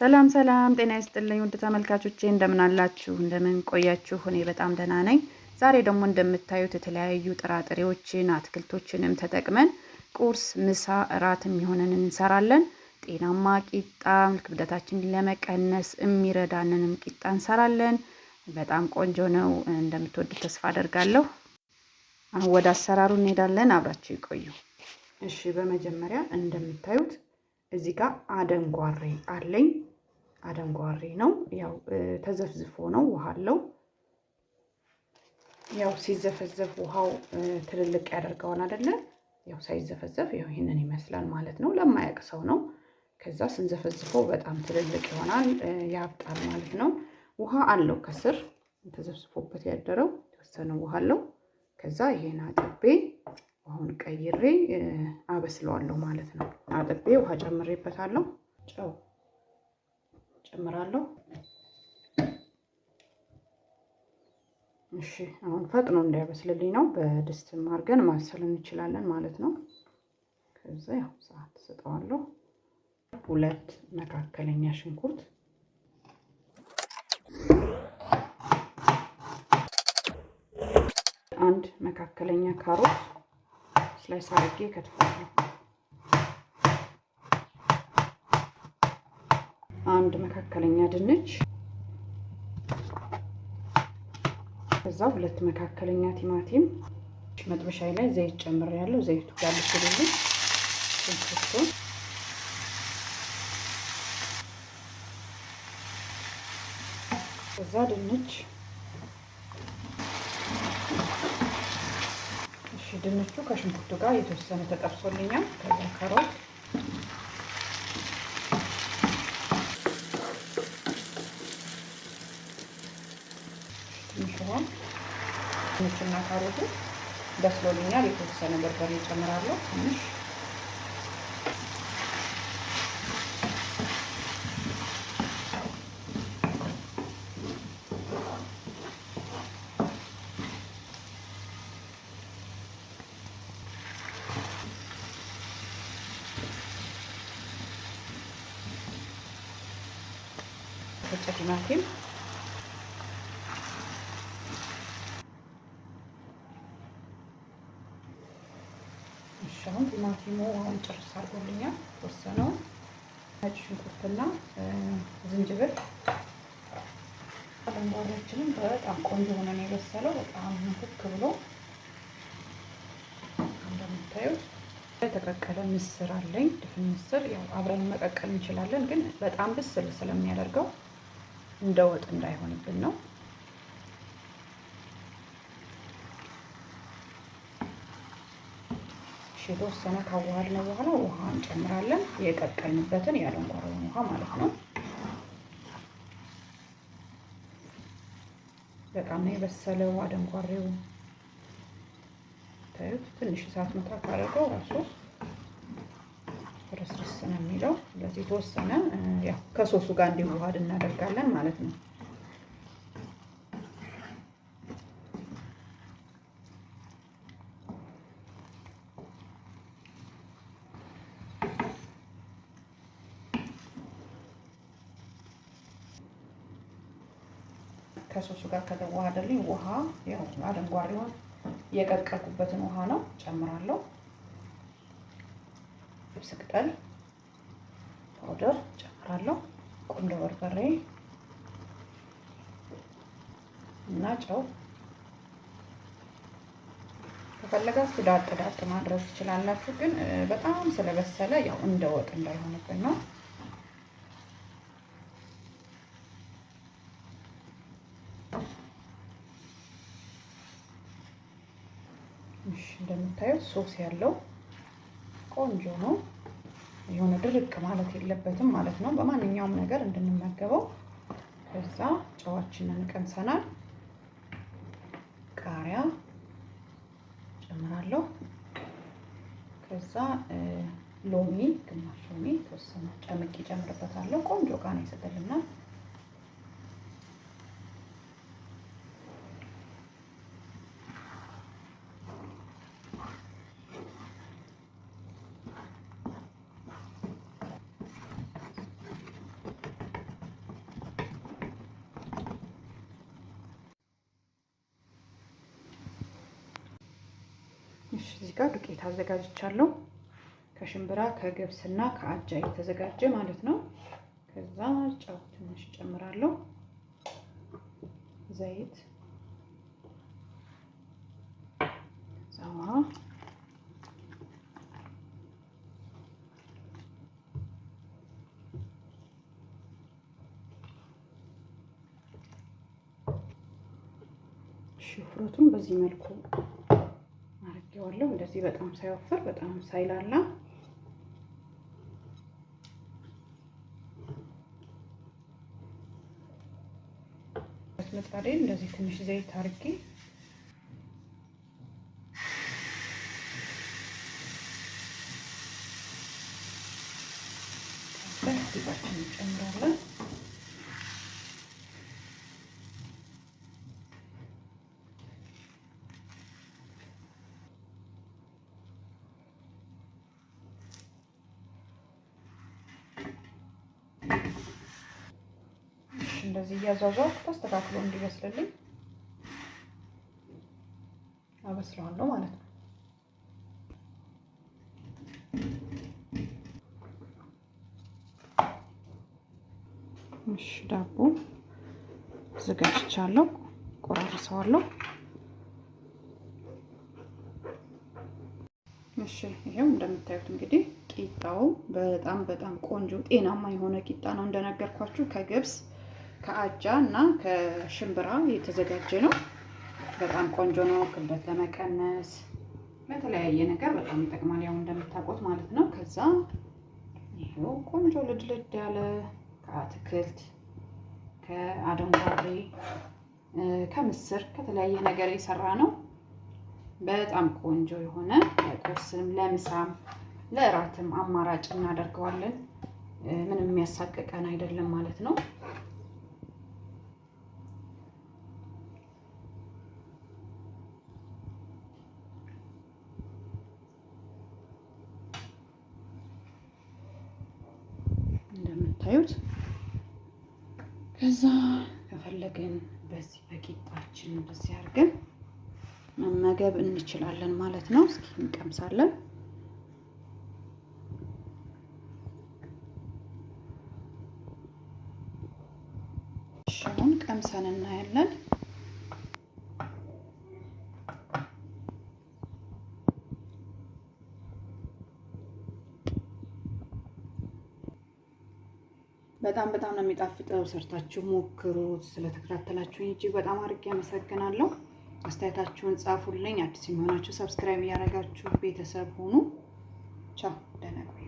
ሰላም ሰላም፣ ጤና ይስጥልኝ ውድ ተመልካቾቼ፣ እንደምን አላችሁ? እንደምን ቆያችሁ? እኔ በጣም ደህና ነኝ። ዛሬ ደግሞ እንደምታዩት የተለያዩ ጥራጥሬዎችን አትክልቶችንም ተጠቅመን ቁርስ፣ ምሳ፣ እራት የሚሆንን እንሰራለን። ጤናማ ቂጣ ክብደታችንን ለመቀነስ የሚረዳንንም ቂጣ እንሰራለን። በጣም ቆንጆ ነው። እንደምትወዱት ተስፋ አደርጋለሁ። አሁን ወደ አሰራሩ እንሄዳለን። አብራችሁ ይቆዩ። እሺ፣ በመጀመሪያ እንደምታዩት እዚህ ጋር አደንጓሬ አለኝ አደንጓሬ ነው። ያው ተዘፍዝፎ ነው ውሃ አለው። ያው ሲዘፈዘፍ ውሃው ትልልቅ ያደርገዋል አይደለ? ያው ሳይዘፈዘፍ ያው ይህንን ይመስላል ማለት ነው። ለማያውቅ ሰው ነው። ከዛ ስንዘፈዝፈው በጣም ትልልቅ ይሆናል፣ ያብጣል ማለት ነው። ውሃ አለው ከስር ተዘፍዝፎበት ያደረው የተወሰነ ውሃ አለው። ከዛ ይሄን አጥቤ አሁን ቀይሬ አበስለዋለሁ ማለት ነው። አጥቤ ውሃ ጨምሬበታለሁ ጨው ጨምራለሁ። እሺ አሁን ፈጥኖ እንዳይበስልልኝ ነው። በድስትም አድርገን ማብሰል እንችላለን ማለት ነው። ከዛ ያው ሰዓት ሰጠዋለሁ። ሁለት መካከለኛ ሽንኩርት አንድ መካከለኛ ካሮት ስላይስ አድርጌ ከትፋለሁ። አንድ መካከለኛ ድንች፣ ከዛ ሁለት መካከለኛ ቲማቲም። መጥበሻ ላይ ዘይት ጨምሬያለሁ። ዘይቱ ጋር ልችልልኝ እዛ ድንች እሺ፣ ድንቹ ከሽንኩርቱ ጋር የተወሰነ ተጠብሶልኛል። ከዛ ካሮት ድንቹና ካሮቱ በስሎልኛል። የተወሰነ በርበሬ እጨምራለሁ ትንሽ እሺ አሁን ቲማቲሙ አሁን ጭርስ አድርጎልኛል። ወሰነው ነጭ ሽንኩርትና ዝንጅብል አረንጓዴያችንም በጣም ቆንጆ ሆነ ነው የበሰለው። በጣም ንክክ ብሎ እንደምታዩት የተቀቀለ ምስር አለኝ። ድፍን ምስር ያው አብረን መቀቀል እንችላለን፣ ግን በጣም ብስል ስለሚያደርገው እንደ ወጥ እንዳይሆንብን ነው የተወሰነ ካዋሃድ ነው በኋላ ውሃ እንጨምራለን። የቀቀልንበትን ያለንጓረውን ውሃ ማለት ነው። በጣም የበሰለው አደንጓሬው። ታዩት ትንሽ እሳት መታ ካደረገው ራሱ ፍርስርስ ነው የሚለው። ስለዚህ የተወሰነ ከሶሱ ጋር እንዲዋሃድ እናደርጋለን ማለት ነው። ከሶሱ ጋር ከተዋሃደልኝ ውሃ ያው አረንጓዴውን የቀቀልኩበትን ውሃ ነው ጨምራለሁ። ጥብስ ቅጠል ፓውደር ጨምራለሁ። ቁንዶ በርበሬ እና ጨው ከፈለጋችሁ ዳጥ ዳጥ ማድረግ ትችላላችሁ። ግን በጣም ስለበሰለ ያው እንደ ወጥ እንዳይሆንብን ነው። እንደምታዩት ሶስ ያለው ቆንጆ ነው። የሆነ ድርቅ ማለት የለበትም ማለት ነው። በማንኛውም ነገር እንድንመገበው። ከዛ ጨዋችንን ቀምሰናል። ቃሪያ ጨምራለሁ። ከዛ ሎሚ ግማሽ ሎሚ ተወሰነ ጨምቄ ጨምርበታለሁ። ቆንጆ ቃና ይሰጥልናል። እሺ እዚህ ጋር ዱቄት አዘጋጅቻለሁ ከሽምብራ ከገብስና ከአጃ የተዘጋጀ ማለት ነው። ከዛ ጨው ትንሽ ጨምራለሁ፣ ዘይት ዛዋ ሽፍሩቱን በዚህ መልኩ አደርገዋለሁ። እንደዚህ በጣም ሳይወፍር በጣም ሳይላላ ምጣዴ እንደዚህ ትንሽ ዘይት አድርጌ እንደዚህ እያዟዟው ተስተካክሎ እንዲበስልልኝ አበስለዋለሁ ማለት ነው። እሺ ዳቦ አዘጋጅቻለሁ፣ ቆራርሰዋለሁ። እሺ ይሄው እንደምታዩት እንግዲህ ቂጣው በጣም በጣም ቆንጆ ጤናማ የሆነ ቂጣ ነው። እንደነገርኳችሁ ከገብስ ከአጃ እና ከሽምብራ የተዘጋጀ ነው። በጣም ቆንጆ ነው። ክብደት ለመቀነስ በተለያየ ነገር በጣም ይጠቅማል። ያው እንደምታውቁት ማለት ነው። ከዛ ይሄው ቆንጆ ልድልድ ያለ ከአትክልት ከአደንጓሬ ከምስር ከተለያየ ነገር የሰራ ነው። በጣም ቆንጆ የሆነ ለቁርስም ለምሳም ለእራትም አማራጭ እናደርገዋለን። ምንም የሚያሳቅቀን አይደለም ማለት ነው። እንደምታዩት ከዛ ከፈለገን በዚህ በቂጣችን እንደዚህ አድርገን መመገብ እንችላለን ማለት ነው። እስኪ እንቀምሳለን። ቀምሰን እናያለን። በጣም በጣም ነው የሚጣፍጠው። ሰርታችሁ ሞክሩት። ስለተከታተላችሁኝ እጅግ በጣም አድርጌ አመሰግናለሁ። አስተያየታችሁን ጻፉልኝ። አዲስ የሚሆናችሁ ሰብስክራይብ እያደረጋችሁ ቤተሰብ ሁኑ። ቻው ደህና